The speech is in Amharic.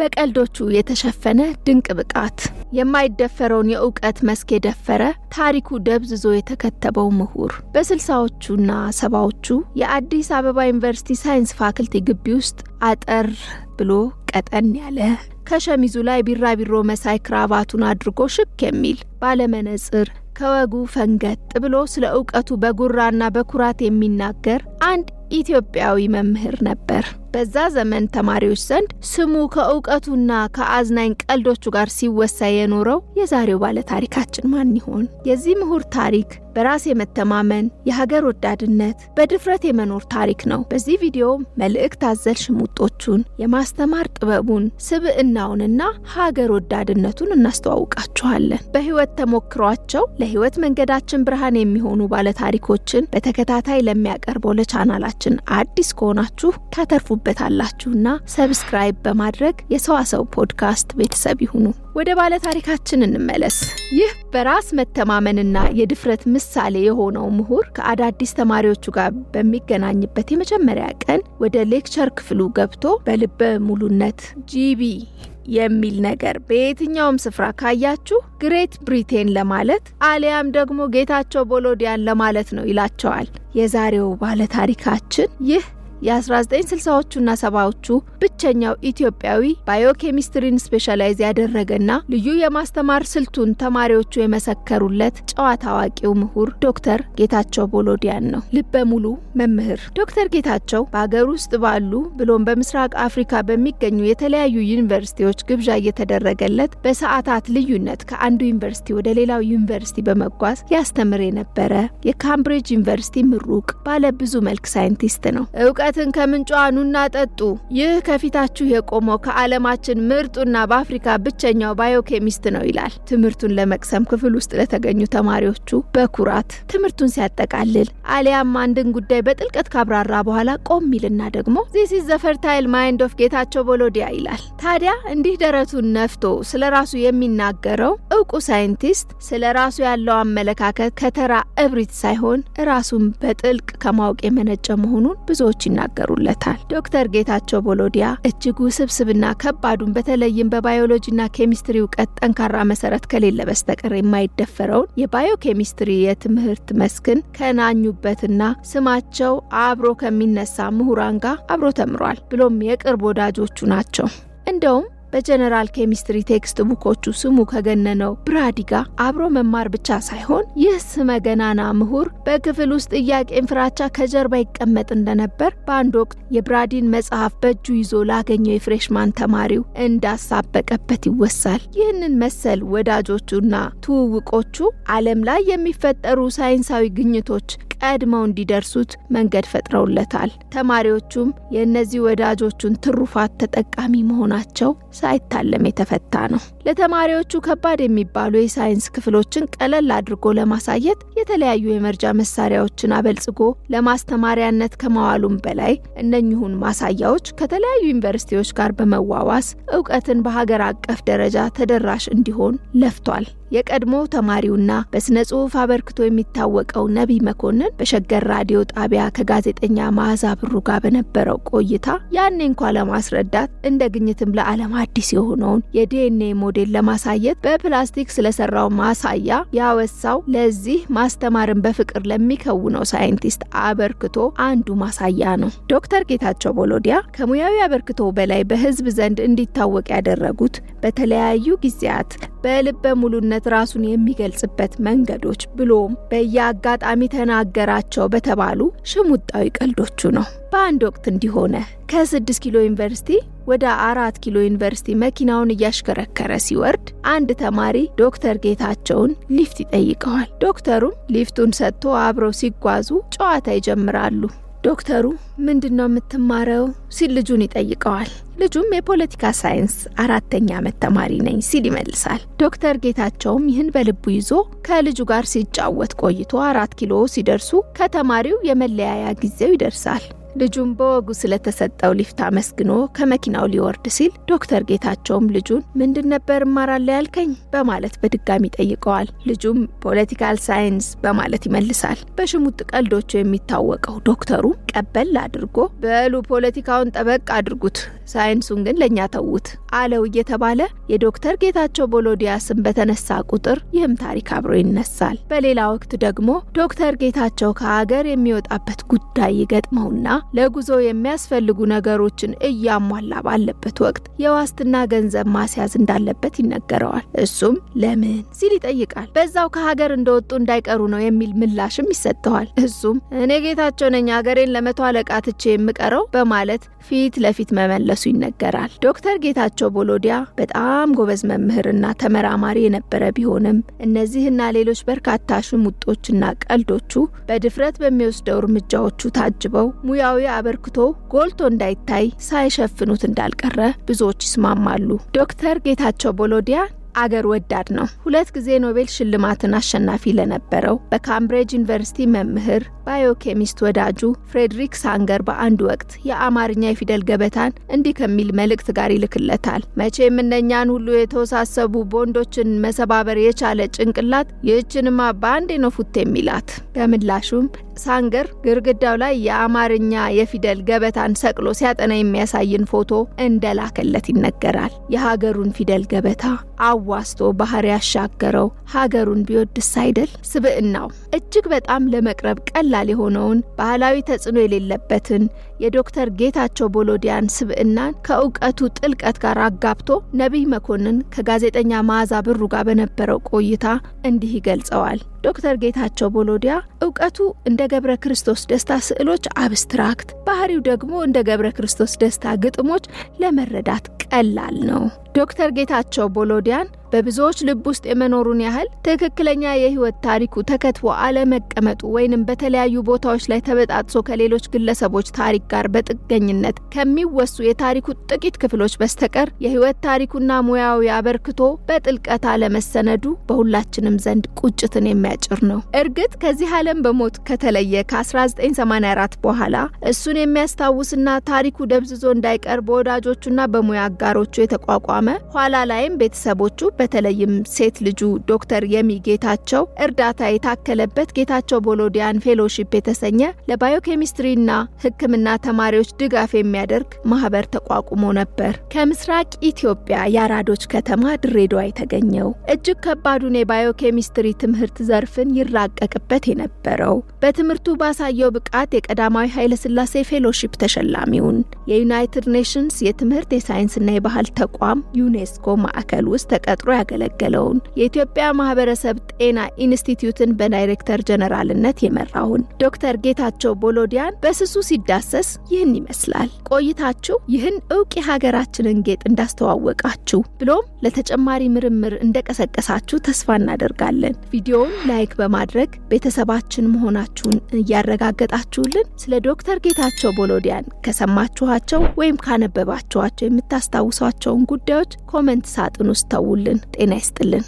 በቀልዶቹ የተሸፈነ ድንቅ ብቃት፣ የማይደፈረውን የእውቀት መስክ የደፈረ ታሪኩ ደብዝዞ የተከተበው ምሁር። በስልሳዎቹና ሰባዎቹ የአዲስ አበባ ዩኒቨርሲቲ ሳይንስ ፋክልቲ ግቢ ውስጥ አጠር ብሎ ቀጠን ያለ ከሸሚዙ ላይ ቢራቢሮ መሳይ ክራቫቱን አድርጎ ሽክ የሚል ባለመነጽር ከወጉ ፈንገጥ ብሎ ስለ እውቀቱ በጉራና በኩራት የሚናገር አንድ ኢትዮጵያዊ መምህር ነበር። በዛ ዘመን ተማሪዎች ዘንድ ስሙ ከእውቀቱና ከአዝናኝ ቀልዶቹ ጋር ሲወሳ የኖረው የዛሬው ባለ ታሪካችን ማን ይሆን? የዚህ ምሁር ታሪክ በራስ የመተማመን የሀገር ወዳድነት፣ በድፍረት የመኖር ታሪክ ነው። በዚህ ቪዲዮ መልእክት አዘል ሽሙጦቹን፣ የማስተማር ጥበቡን፣ ስብዕናውንና ሀገር ወዳድነቱን እናስተዋውቃችኋለን። በህይወት ተሞክሯቸው ለህይወት መንገዳችን ብርሃን የሚሆኑ ባለታሪኮችን በተከታታይ ለሚያቀርበው ለቻናላችን አዲስ ከሆናችሁ ታተርፉ ታገኙበታላችሁና ሰብስክራይብ በማድረግ የሰዋሰው ፖድካስት ቤተሰብ ይሁኑ። ወደ ባለ ታሪካችን እንመለስ። ይህ በራስ መተማመንና የድፍረት ምሳሌ የሆነው ምሁር ከአዳዲስ ተማሪዎቹ ጋር በሚገናኝበት የመጀመሪያ ቀን ወደ ሌክቸር ክፍሉ ገብቶ በልበ ሙሉነት ጂቢ የሚል ነገር በየትኛውም ስፍራ ካያችሁ ግሬት ብሪቴን ለማለት አሊያም ደግሞ ጌታቸው ቦሎዲያን ለማለት ነው ይላቸዋል። የዛሬው ባለታሪካችን ይህ የ1960ዎቹና ሰባዎቹ ብቸኛው ኢትዮጵያዊ ባዮኬሚስትሪን ስፔሻላይዝ ያደረገና ልዩ የማስተማር ስልቱን ተማሪዎቹ የመሰከሩለት ጨዋ ታዋቂው ምሁር ዶክተር ጌታቸው ቦሎዲያን ነው። ልበ ሙሉ መምህር ዶክተር ጌታቸው በሀገር ውስጥ ባሉ ብሎም በምስራቅ አፍሪካ በሚገኙ የተለያዩ ዩኒቨርሲቲዎች ግብዣ እየተደረገለት በሰዓታት ልዩነት ከአንዱ ዩኒቨርሲቲ ወደ ሌላው ዩኒቨርሲቲ በመጓዝ ያስተምር የነበረ የካምብሪጅ ዩኒቨርሲቲ ምሩቅ ባለ ብዙ መልክ ሳይንቲስት ነው። እውቀ ጥምቀትን ከምንጯ ኑና ጠጡ። ይህ ከፊታችሁ የቆመው ከዓለማችን ምርጡና በአፍሪካ ብቸኛው ባዮኬሚስት ነው ይላል። ትምህርቱን ለመቅሰም ክፍል ውስጥ ለተገኙ ተማሪዎቹ በኩራት ትምህርቱን ሲያጠቃልል አሊያም አንድን ጉዳይ በጥልቀት ካብራራ በኋላ ቆም ይልና ደግሞ ዚስ ኢዝ ዘ ፈርታይል ማይንድ ኦፍ ጌታቸው ቦሎዲያ ይላል። ታዲያ እንዲህ ደረቱን ነፍቶ ስለ ራሱ የሚናገረው እውቁ ሳይንቲስት ስለ ራሱ ያለው አመለካከት ከተራ እብሪት ሳይሆን ራሱን በጥልቅ ከማወቅ የመነጨ መሆኑን ብዙዎች ይናል ይናገሩለታል። ዶክተር ጌታቸው ቦሎዲያ እጅግ ውስብስብና ከባዱን በተለይም በባዮሎጂና ኬሚስትሪ እውቀት ጠንካራ መሰረት ከሌለ በስተቀር የማይደፈረውን የባዮ ኬሚስትሪ የትምህርት መስክን ከናኙበትና ስማቸው አብሮ ከሚነሳ ምሁራን ጋር አብሮ ተምሯል። ብሎም የቅርብ ወዳጆቹ ናቸው። እንደውም በጀነራል ኬሚስትሪ ቴክስት ቡኮቹ ስሙ ከገነነው ብራዲ ጋር አብሮ መማር ብቻ ሳይሆን ይህ ስመ ገናና ምሁር በክፍል ውስጥ ጥያቄን ፍራቻ ከጀርባ ይቀመጥ እንደነበር በአንድ ወቅት የብራዲን መጽሐፍ በእጁ ይዞ ላገኘው የፍሬሽማን ተማሪው እንዳሳበቀበት ይወሳል። ይህንን መሰል ወዳጆቹና ትውውቆቹ ዓለም ላይ የሚፈጠሩ ሳይንሳዊ ግኝቶች ቀድመው እንዲደርሱት መንገድ ፈጥረውለታል። ተማሪዎቹም የእነዚህ ወዳጆቹን ትሩፋት ተጠቃሚ መሆናቸው ሳይታለም የተፈታ ነው። ለተማሪዎቹ ከባድ የሚባሉ የሳይንስ ክፍሎችን ቀለል አድርጎ ለማሳየት የተለያዩ የመርጃ መሳሪያዎችን አበልጽጎ ለማስተማሪያነት ከማዋሉም በላይ እነኚሁን ማሳያዎች ከተለያዩ ዩኒቨርሲቲዎች ጋር በመዋዋስ እውቀትን በሀገር አቀፍ ደረጃ ተደራሽ እንዲሆን ለፍቷል። የቀድሞ ተማሪውና በስነ ጽሁፍ አበርክቶ የሚታወቀው ነቢ መኮንን በሸገር ራዲዮ ጣቢያ ከጋዜጠኛ መዓዛ ብሩ ጋር በነበረው ቆይታ ያኔ እንኳ ለማስረዳት እንደ ግኝትም ለዓለም አዲስ የሆነውን የዲኤንኤ ሞዴል ለማሳየት በፕላስቲክ ስለሰራው ማሳያ ያወሳው ለዚህ ማስተማርን በፍቅር ለሚከውነው ሳይንቲስት አበርክቶ አንዱ ማሳያ ነው። ዶክተር ጌታቸው ቦሎዲያ ከሙያዊ አበርክቶ በላይ በህዝብ ዘንድ እንዲታወቅ ያደረጉት በተለያዩ ጊዜያት በልበ ሙሉነት ራሱን የሚገልጽበት መንገዶች ብሎም በየአጋጣሚ ተናገራቸው በተባሉ ሽሙጣዊ ቀልዶቹ ነው። በአንድ ወቅት እንዲሆነ ከ6 ኪሎ ዩኒቨርሲቲ ወደ አራት ኪሎ ዩኒቨርሲቲ መኪናውን እያሽከረከረ ሲወርድ አንድ ተማሪ ዶክተር ጌታቸውን ሊፍት ይጠይቀዋል። ዶክተሩም ሊፍቱን ሰጥቶ አብረው ሲጓዙ ጨዋታ ይጀምራሉ። ዶክተሩ ምንድን ነው የምትማረው ሲል ልጁን ይጠይቀዋል። ልጁም የፖለቲካ ሳይንስ አራተኛ ዓመት ተማሪ ነኝ ሲል ይመልሳል። ዶክተር ጌታቸውም ይህን በልቡ ይዞ ከልጁ ጋር ሲጫወት ቆይቶ አራት ኪሎ ሲደርሱ ከተማሪው የመለያያ ጊዜው ይደርሳል። ልጁን በወጉ ስለተሰጠው ሊፍት አመስግኖ ከመኪናው ሊወርድ ሲል ዶክተር ጌታቸውም ልጁን ምንድን ነበር እማራለሁ ያልከኝ በማለት በድጋሚ ጠይቀዋል። ልጁም ፖለቲካል ሳይንስ በማለት ይመልሳል። በሽሙጥ ቀልዶቹ የሚታወቀው ዶክተሩ ቀበል አድርጎ በሉ ፖለቲካውን ጠበቅ አድርጉት ሳይንሱን ግን ለእኛ ተዉት አለው እየተባለ የዶክተር ጌታቸው ቦሎዲያ ስም በተነሳ ቁጥር ይህም ታሪክ አብሮ ይነሳል። በሌላ ወቅት ደግሞ ዶክተር ጌታቸው ከሀገር የሚወጣበት ጉዳይ ይገጥመውና ለጉዞ የሚያስፈልጉ ነገሮችን እያሟላ ባለበት ወቅት የዋስትና ገንዘብ ማስያዝ እንዳለበት ይነገረዋል። እሱም ለምን ሲል ይጠይቃል። በዛው ከሀገር እንደወጡ እንዳይቀሩ ነው የሚል ምላሽም ይሰጠዋል። እሱም እኔ ጌታቸው ነኝ ሀገሬን ለመቶ አለቃ ትቼ የምቀረው በማለት ፊት ለፊት መመለሱ እንደደረሱ ይነገራል። ዶክተር ጌታቸው ቦሎዲያ በጣም ጎበዝ መምህርና ተመራማሪ የነበረ ቢሆንም እነዚህና ሌሎች በርካታ ሽሙጦችና ቀልዶቹ በድፍረት በሚወስደው እርምጃዎቹ ታጅበው ሙያዊ አበርክቶ ጎልቶ እንዳይታይ ሳይሸፍኑት እንዳልቀረ ብዙዎች ይስማማሉ። ዶክተር ጌታቸው ቦሎዲያ አገር ወዳድ ነው። ሁለት ጊዜ ኖቤል ሽልማትን አሸናፊ ለነበረው በካምብሪጅ ዩኒቨርሲቲ መምህር ባዮኬሚስት ወዳጁ ፍሬድሪክ ሳንገር በአንድ ወቅት የአማርኛ የፊደል ገበታን እንዲህ ከሚል መልእክት ጋር ይልክለታል። መቼም እነኛን ሁሉ የተወሳሰቡ ቦንዶችን መሰባበር የቻለ ጭንቅላት ይህችንማ በአንዴ ነው ፉት የሚላት። በምላሹም ሳንገር ግርግዳው ላይ የአማርኛ የፊደል ገበታን ሰቅሎ ሲያጠና የሚያሳይን ፎቶ እንደላከለት ይነገራል። የሀገሩን ፊደል ገበታ አዋስቶ ባህር ያሻገረው ሀገሩን ቢወድስ አይደል? ስብዕናው እጅግ በጣም ለመቅረብ ቀላል ቀላል የሆነውን ባህላዊ ተጽዕኖ የሌለበትን የዶክተር ጌታቸው ቦሎዲያን ስብዕናን ከእውቀቱ ጥልቀት ጋር አጋብቶ ነቢይ መኮንን ከጋዜጠኛ መዓዛ ብሩ ጋር በነበረው ቆይታ እንዲህ ይገልጸዋል። ዶክተር ጌታቸው ቦሎዲያ እውቀቱ እንደ ገብረ ክርስቶስ ደስታ ስዕሎች አብስትራክት፣ ባህሪው ደግሞ እንደ ገብረ ክርስቶስ ደስታ ግጥሞች ለመረዳት ቀላል ነው። ዶክተር ጌታቸው ቦሎዲያን በብዙዎች ልብ ውስጥ የመኖሩን ያህል ትክክለኛ የህይወት ታሪኩ ተከትቦ አለመቀመጡ ወይንም በተለያዩ ቦታዎች ላይ ተበጣጥሶ ከሌሎች ግለሰቦች ታሪክ ጋር በጥገኝነት ከሚወሱ የታሪኩ ጥቂት ክፍሎች በስተቀር የህይወት ታሪኩና ሙያዊ አበርክቶ በጥልቀት አለመሰነዱ በሁላችንም ዘንድ ቁጭትን የሚያጭር ነው። እርግጥ ከዚህ ዓለም በሞት ከተለየ ከ1984 በኋላ እሱን የሚያስታውስና ታሪኩ ደብዝዞ እንዳይቀር በወዳጆቹና በሙያ አጋሮቹ የተቋቋመ ኋላ ላይም ቤተሰቦቹ በተለይም ሴት ልጁ ዶክተር የሚ ጌታቸው እርዳታ የታከለበት ጌታቸው ቦሎዲያን ፌሎሺፕ የተሰኘ ለባዮኬሚስትሪና ሕክምና ተማሪዎች ድጋፍ የሚያደርግ ማህበር ተቋቁሞ ነበር። ከምስራቅ ኢትዮጵያ የአራዶች ከተማ ድሬዳዋ የተገኘው እጅግ ከባዱን የባዮኬሚስትሪ ትምህርት ዘርፍን ይራቀቅበት የነበረው በትምህርቱ ባሳየው ብቃት የቀዳማዊ ኃይለስላሴ ፌሎሺፕ ተሸላሚውን የዩናይትድ ኔሽንስ የትምህርት የሳይንስና የባህል ተቋም ዩኔስኮ ማዕከል ውስጥ ተቀጥሮ ያገለገለውን የኢትዮጵያ ማህበረሰብ ጤና ኢንስቲትዩትን በዳይሬክተር ጀነራልነት የመራውን ዶክተር ጌታቸው ቦሎዲያን በስሱ ሲዳሰስ ይህን ይመስላል። ቆይታችሁ ይህን እውቅ የሀገራችንን ጌጥ እንዳስተዋወቃችሁ ብሎም ለተጨማሪ ምርምር እንደቀሰቀሳችሁ ተስፋ እናደርጋለን። ቪዲዮውን ላይክ በማድረግ ቤተሰባችን መሆናችሁን እያረጋገጣችሁልን ስለ ዶክተር ጌታቸው ቦሎዲያን ከሰማችኋቸው ወይም ካነበባችኋቸው የምታስታውሷቸውን ጉዳዮች ኮመንት ሳጥን ውስጥ ተውልን። ጤና ይስጥልን።